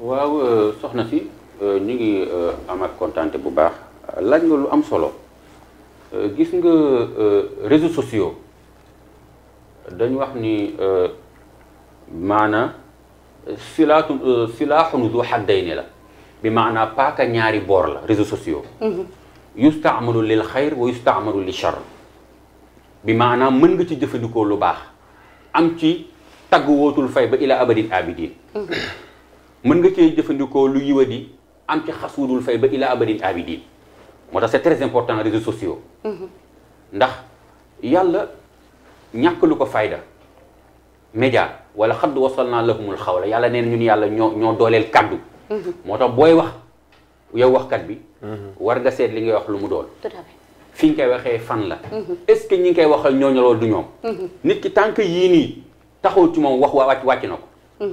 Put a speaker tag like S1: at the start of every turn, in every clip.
S1: waaw euh, soxna si euh, ñu ngi euh, amaat kontaante bu baax laaj nga am solo gis nga réseaux sociaux dañu wax ni maana silaatu silaaxun zu xaddayni la bi maanaa paaka ñaari boor la réseaux sociaux mhm. yustaamalu lil xayr lil char bi maanaam mën nga ci jëfandikoo lu baax am ci tagg wootul fay ba ila abadin mën nga cee jëfandikoo lu yiwa di am ci xas wudul fay ba ila abadin abidin moo tax c'est très important réseaux sociaux ndax yàlla ñàkk lu ko fayda média wala xadd wasal naa lahumul xawla yàlla neen ñun yàlla ñoo ñoo dooleel kàddu moo tax booy wax yow waxkat bi war nga seet li ngay wax lu mu doon fi nga koy waxee fan la est-ce que ñi ngi koy waxal ñooñu loolu du ñoom nit ki tànk yii nii taxul ci moom wax waa wàcc wàcc na ko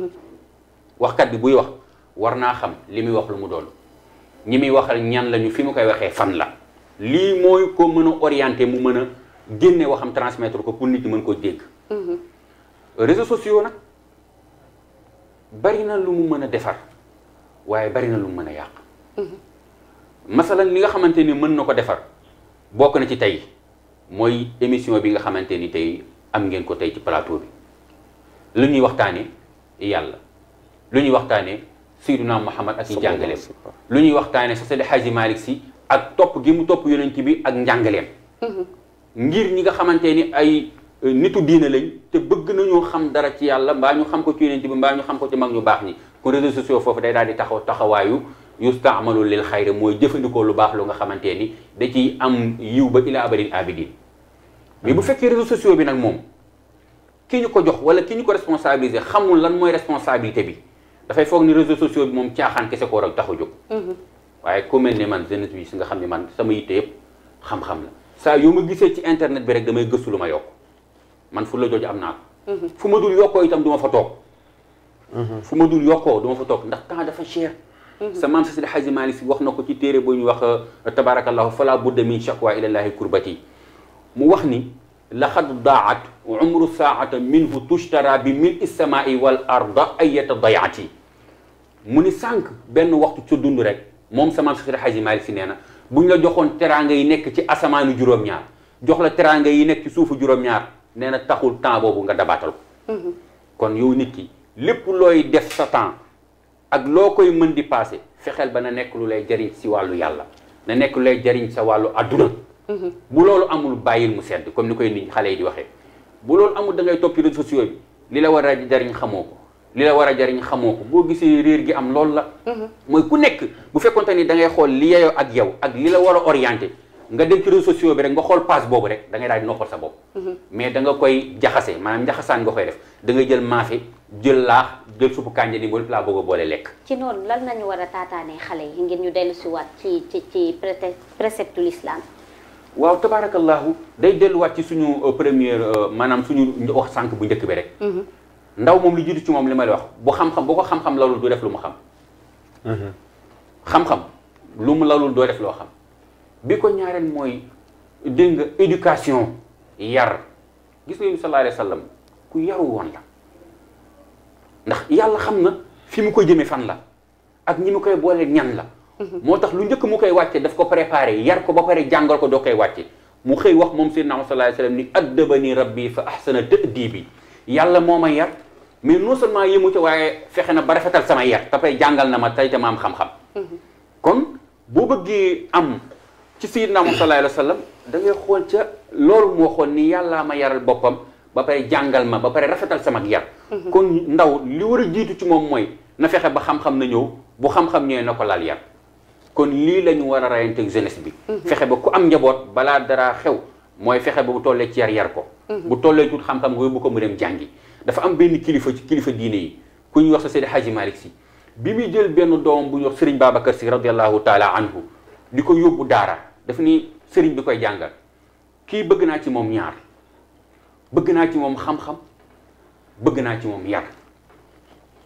S1: waxkat bi buy wax war naa xam li muy wax lu mu doon ñi muy waxal ñan lañu fi mu koy waxee fan la lii mooy ko mën a orienté mu mën a génne waxam transmettre ko pour nit ñi mën ko dégg. réseaux sociaux nag bari na lu mu mën a defar waaye bari na lu mu mën a yàq. masalan li nga xamante ni mën na ko defar bokk na ci tey mooy émission bi nga xamante ni tey am ngeen ko tey ci plateau bi lu ñuy waxtaanee yàlla. lu ñuy waxtaanee Seydina Muhammad ak i jàngaleem lu ñuy waxtaanee sa Seydi Hadji Malick Sy ak topp gi mu topp yonent bi ak njàngaleem ngir ñi nga xamante ni ay nitu diina lañ te bëgg nañoo xam dara ci yàlla mbaa ñu xam ko ci yonent bi mbaa ñu xam ko ci mag ñu baax ñi kon réseaux sociaux foofu day daal di taxaw taxawaayu yustaamalu lil xayri mooy jëfandikoo lu baax lu nga xamante ni da ciy am yiw ba ila abadin abidin mais bu fekkee réseaux sociaux bi nag moom ki ñu ko jox wala ki ñu ko responsabiliser xamul lan mooy responsabilité bi da fay fogg ni réseaux sociaux bi moom caaxaan kessé ko war taxu tax hmm waye ku melni man jeunesse wi nga xamni man sama yité yëpp xam-xam la sa yuma gissé ci internet bi rek damay geussu luma yok man fu la jooju amna naa fu ma dul yokkoo itam duma ma fa toog fu ma dul yokkoo duma fa tok ndax temps dafa cher sa mam sidi Hadji Malick Sy wax na ci téré bu ñuy wax tabarakallah fala budda min shakwa ila allah kurbati mu wax ni لقد ضاعت وعمر saata منه تشترى بملء السماء والأرض wal arda mu ni sànq benn waxtu ca dund rek moom sama Cheikh Hadji Malick Sy nee na bu ñu la joxoon teraanga yi nekk ci asamaanu juróom-ñaar jox la teraanga yi nekk ci suufu juróom-ñaar nee na taxul temps boobu nga dabaatal ko mhm. kon yow nit ki lépp looy def sa temps ak loo koy mën di passé fexeel ba na nekk lu lay jariñ si wàllu yàlla na nekk lu lay jariñ sa wàllu adduna mhm. bu loolu amul bàyyil mu sedd comme ni koy nit xale yi di waxee bu loolu amul da ngay topp réseaux sociaux li la war a jariñ xamoo li la war a jariñ xamoo ko boo gisee réer gi am loolu la mhm. mooy ku nekk bu fekkonte ni dangay xool li yeyoo ak yow ak li la war a oriente nga dem ci réseaux sociaux bi rek nga xool passe boobu rek da ngay daal di noppal sa bopp mhm. mais da nga koy jaxase maanaam jaxasaan nga koy def dangay ngay jël maafe jël laax jël suppu kànja ni boolu laa bëgg a boole lekk
S2: ci noonu lan nañu war a taataanee xale yi ngir ñu dellu si waat ci ci ci précepte l'islam
S1: waaw tabaarakallahu day delluwaat ci suñu euh, première euh, maanaam suñu wax sànq bu njëkk
S2: bi
S1: ndaw mom li jiitu ci mom li ma wax bu xam-xam bu ko xam-xam lalul du def lu mu xam xam-xam lu mu do def lo xam bi ko ñaarel moy deeng nga éducation yar gis nga sallallahu alayhi wasallam ku yaru won la ndax yàlla xam na fi mu koy jëme fan la ak ñi mu koy boole ñan la motax lu njëkk mu koy wàcce daf ko préparer yar ko ba pare jàngal ko do koy wàcce mu xëy wax moom sayyidina sallallahu alayhi wasallam ni adabani rabbi fa ahsana ta'dibi yàlla moma yar mais non seulement yëmu ca waaye fexe na ba rafetal sama yar tapay jàngal na ma tey te ma am xam-xam kon boo bëggee am ci sayyidina Muhammad sallallahu alayhi wa sallam da ngay xool ca loolu moo xool ni yàlla ma yaral boppam ba pare jàngal ma ba pare rafetal sama yar kon ndaw li war a jiitu ci moom mooy na fexe ba xam-xam na ñëw bu xam-xam ñëwee na ko laal yar kon lii la ñu war a rayanteeg jeunesse bi mhm. fexe ba ku am njaboot balaa dara xew mooy fexe ba bu tollee ci yar yar ko. Mhm. bu tollee tuut xam-xam nga yóbbu ko mu dem jàngi. dafa am benn kilifa ci kilifa diine yi ku ñuy wax sa Seydi Hadji Malick Sy bi muy jël benn doom bu ñuy wax Serigne si Sy taalaa taala anhu di ko yóbbu daara daf ni sëriñ bi koy jàngal kii bëgg naa ci moom ñaar bëgg naa ci moom xam-xam bëgg naa ci moom yar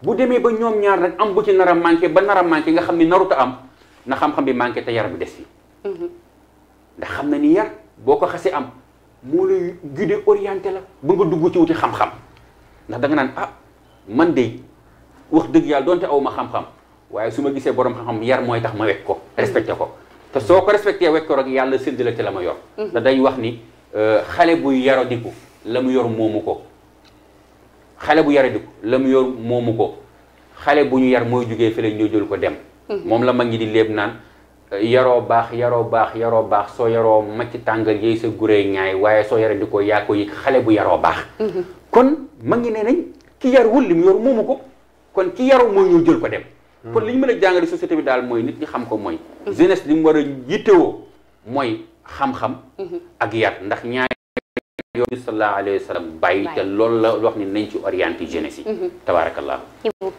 S1: bu demee ba ñoom ñaar nag am bu ci nar a ba nar a manqué nga xam ni naruta am na xam-xam bi manqué te yar bi des fi mhm. xam na boo ko xasee am moo lay guider orienté la ba nga dugg ci wuti xam-xam ndax da nga naan ah man de wax dëgg yàlla donte aw ma xam-xam waaye su ma gisee borom xam-xam yar mooy tax ma wekk ko respecté ko te soo ko respecté wekk ko yàlla sédd la ci la ma yor. te mm-hmm. dañ wax ni euh, xale buy yaradiku la mu yor moomu ko xale bu yaradiku la mu yor moomu ko xale bu ñu yar mooy jugee fële ñoo jël ko dem. Mm-hmm. moom la mag ñi di léeb naan. yaroo baax yaroo baax yaroo baax soo yaroo macc tàngal yey sa guree ñaay waaye soo yara di ko yaa ko yëg xale bu yaroo baax mhm. kon ma ngi ne nañ ki yar wul li mu yor moomu ko kon ki yaru mooy ñoo jël ko dem mhm. kon li ñu mën a jàngale société bi daal mooy nit ñi xam ko mooy mhm. jeunesse li mu war a yittewoo mooy xam-xam ak yar ndax ñaar yoon bi sallallahu alayhi wa sallam bàyyi te loolu la wax ni nañ ci orienté jeunesse yi tabaarakallah